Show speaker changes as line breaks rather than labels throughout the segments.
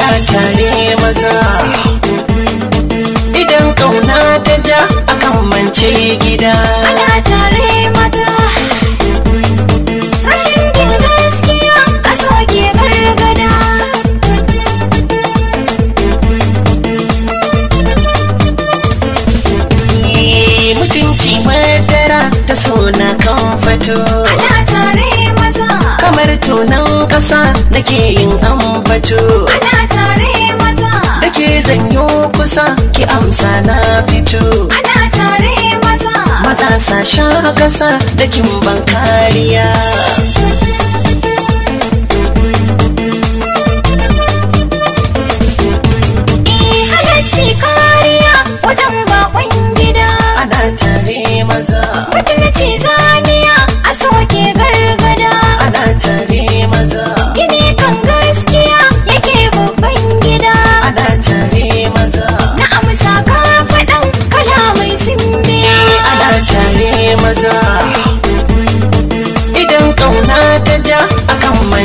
a tare maza idan kauna ta ja akan mace gida ana tare mata rashin bin gaskiya a soke gargada eh, mutunci madara ta sona kan fato ana tare maza kamar tunan kasa nake yin ambato ana tare maza dake zanyo kusa ki amsa na fito ana tare maza maza sa sha kasa dakin ban kariya eh, Ana tare maza. Mutum ce zaniya a soke gargajiya.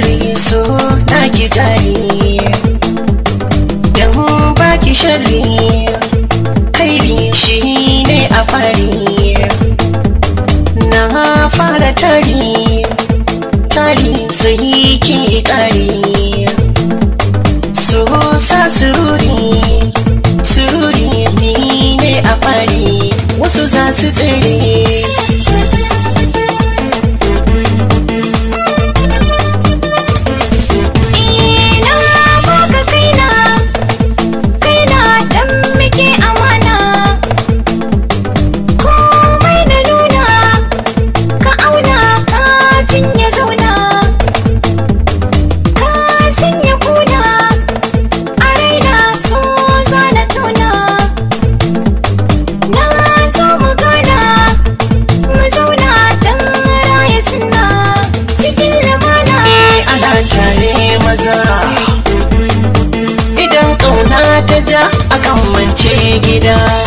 sharri so na ki jari dan ba ki sharri kairi shi ne a fari na fara tari tari sai ki kari so sa sururi sururi ni ne a fari wasu za su tsere ja akan mance gida